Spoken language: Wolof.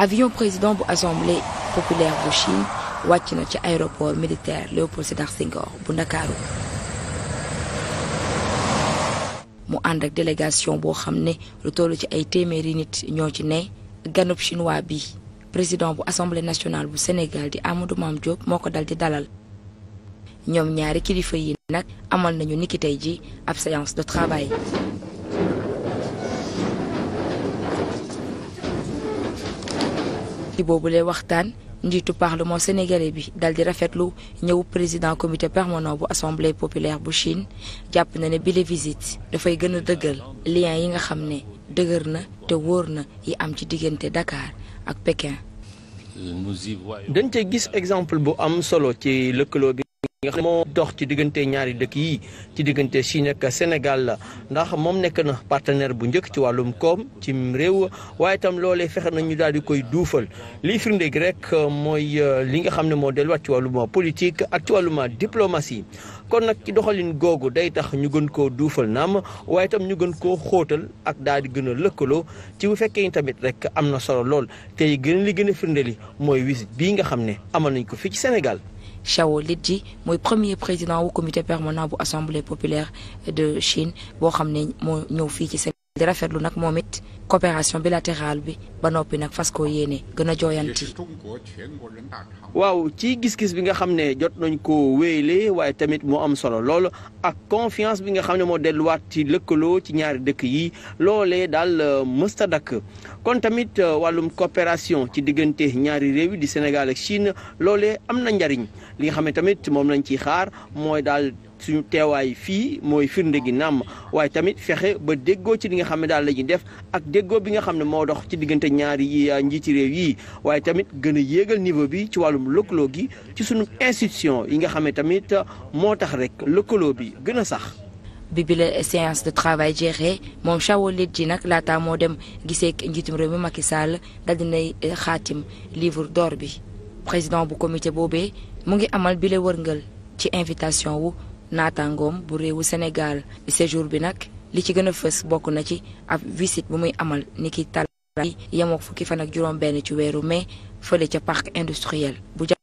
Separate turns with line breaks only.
avion président bu assemblée populaire bu Chine wàcc na ci aéroport militaire Léopold Sédar Senghor bu Ndakaaru mu ànd ak délégation boo xam ne lu toll ci ay téeméeri nit ñoo ci ne ganub chinois bi président bu assemblée nationale bu Sénégal di Amadou Mame Diop moo ko dal di dalal ñoom ñaari kilifa yi nag amal nañu niki tey ji ab séance de travail ci boobule waxtaan njiitu parlement sénégalais bi dal di rafetlu ñëw président comité permanent bu assemblée populaire bu Chine jàpp na ne bile visite dafay gën a dëggal lien yi nga xam ne dëgër na te wóor na yi am ci diggante Dakar ak Pékin.
dañ ca gis exemple bu am solo ci lëkkaloo bi. nga xam moo dox ci diggante ñaari dëkk yi ci diggante si ak Sénégal la ndax moom nekk na partenaire bu njëkk ci wàllum koom ci réew waaye itam loole fexe na ñu daal di koy duufal liy firnde gi rek euh, mooy euh, li nga xam ne moo delluwaat ci wàllum politique ak ci wàllum diplomatie kon nag ci doxalin googu day tax ñu gën koo duufal naam waaye itam ñu gën koo xóotal ak daal di gën a lëkkaloo ci bu fekkee ni tamit rek am na solo lool
tey gën li gën a firnde li mooy wisit bii nga xam ne amal nañ ko fii ci Sénégal. Chao Litji mooy premier président wu comité permanent bu assemblée populaire de Chine boo xam ne moo ñëw fii ci di rafetlu nag moom it coopération bilatérale bi ba noppi nag fas koo yéene gën a jooyanti.
waaw ci gis-gis bi nga xam ne jot nañ ko wéyle waaye tamit moo am solo lool ak confiance bi nga xam ne moo delluwaat ci lëkkaloo ci ñaari dëkk yi loolee daal euh, mësta dakk kon tamit euh, wàllum coopération ci diggante ñaari réew yi di Sénégal ak Chine loolee am na njariñ li nga xam ne tamit moom lañ ciy xaar mooy daal. suñu teewaay fii mooy firnde gi nàmm waaye tamit fexe ba déggoo ci li nga xam ne daal la def ak déggoo bi nga xam ne moo dox ci diggante ñaari yi euh, njiiti réew yi waaye tamit gën a yéegal niveau bi ci wàllum lëkkaloo gi ci suñu institution yi nga xam ne tamit euh, moo tax rek lëkkaloo bi gën a sax
bi bi la séance de travail jeexee moom Shawolit ji nag laa laata moo dem gisee njiitum réew mi Macky Sall dal dinay euh, xaatim livre d'or bi président bu comité boobee mu ngi amal bi la wërngal ci invitation wu naataangoom bu réewu Sénégal séjour bi nag li ci gën a fës bokk na ci ab visite bu muy amal niki tal yemook fukki fan ak juróom benn ci weeru mais fële ca parc industriel bu